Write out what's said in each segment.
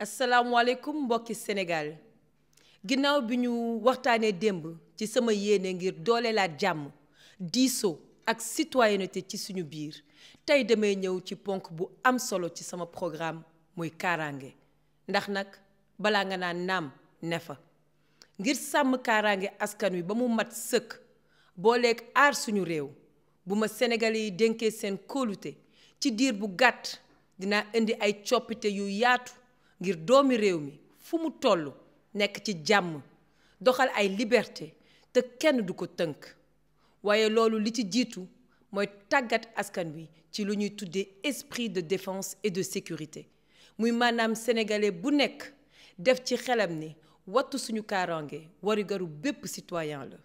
asalaamualeykum mbokki Sénégal ginnaaw bi ñu waxtaanee démb ci sama yéene ngir dooleelaat jàmm diisoo ak citoyenneté ci suñu biir tey damay ñëw ci ponk bu am solo ci sama programme muy kaaraange ndax nag balaa nga naan naam ne fa ngir sàmm kaaraange askan wi ba mu mat sëkk booleeg aar suñu réew bu ma Sénégalais yi dénkee seen kóolute ci diir bu gàtt dinaa indi ay coppite yu yaatu ngir doomi réew mi fu mu toll nekk ci jàmm doxal ay liberté te kenn du ko tënk waaye loolu li ci jiitu mooy tàggat askan wi ci lu ñuy tuddee esprit de défense et de sécurité muy maanaam sénégalais bu nekk def ci xelam ni wattu suñu kaaraange warigaru bépp citoyen la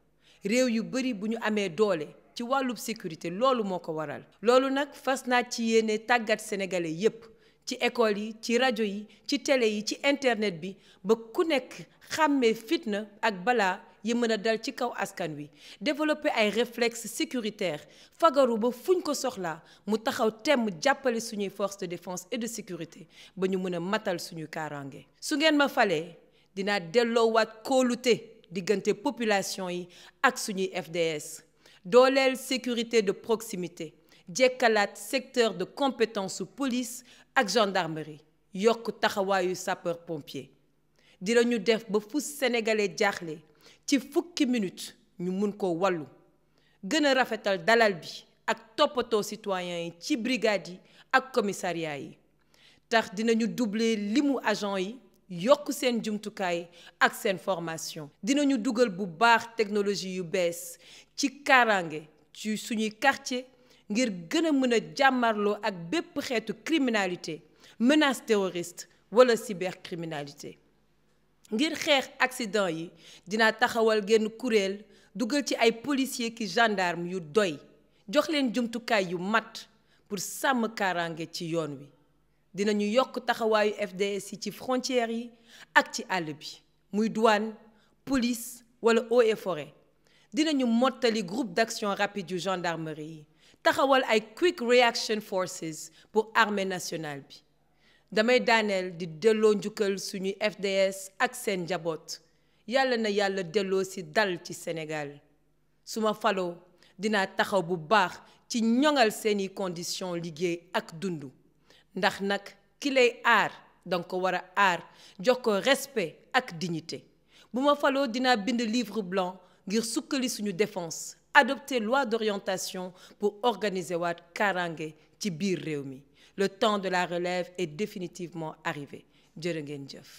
réew yu bari bu ñu amee doole ci wàllub sécurité loolu moo ko waral. loolu nag fas naa ci yéene tàggat sénégalais yépp ci école yi ci rajo yi ci télé yi ci internet bi ba ku nekk xàmmee fitna ak balaa yi mën a dal ci kaw askan wi développer ay réflexes sécuritaire fagaru ba fuñ ko soxlaa mu taxaw temm jàppale suñuy force de défense et de sécurité ba ñu mën a matal suñu kaaraange. su ngeen ma falee dinaa delloowaat kóolute diggante population yi ak suñuy FDS dooleel sécurité de proximité. jekkalaat secteur de compétence su police ak gendarmerie yokk taxawaayu sapeur pompier di ñu def ba fu sénégalais jaaxle ci fukki minute ñu mun ko wàllu gën a rafetal dalal bi ak toppatoo citoyens yi ci brigades yi ak commissariat yi tax dinañu doubler limu agent yi yokk seen jumtukaay ak seen formation dinañu dugal bu baax technologie yu bees ci kaaraange suñuy quartier ngir gën a mën a jàmmarloo ak bépp xeetu criminalité menace terroriste wala cybercriminalité ngir xeex accident yi dina taxawal genn kuréel dugal ci ay policiers ki gendarme yu doy jox leen jumtukaay yu mat pour sàmm kaaraange ci yoon wi dinañu yokk taxawaayu FDS yi ci frontières yi ak ci àll bi muy duwaan polis wala eaux et forêt dinañu mottali groupe d'action rapide yu gendarmerie yi taxawal ay quick reaction forces pour armée nationale bi damay daaneel di delloo njukkal suñuy FDS ak seen njaboot yàlla na yàlla delloo si dal ci Sénégal su ma faloo dinaa taxaw bu baax ci ñoŋal seeni condition liggéey ak dundu ndax nag ki aar danga ko war a aar jox ko respect ak dignité bu ma faloo dina bind livre blanc ngir sukkali suñu défense adopté loi d'orientation pour organiser waat kaaraange ci biir réew mi le temps de la relève est définitivement arrivé jërë ngeen jëf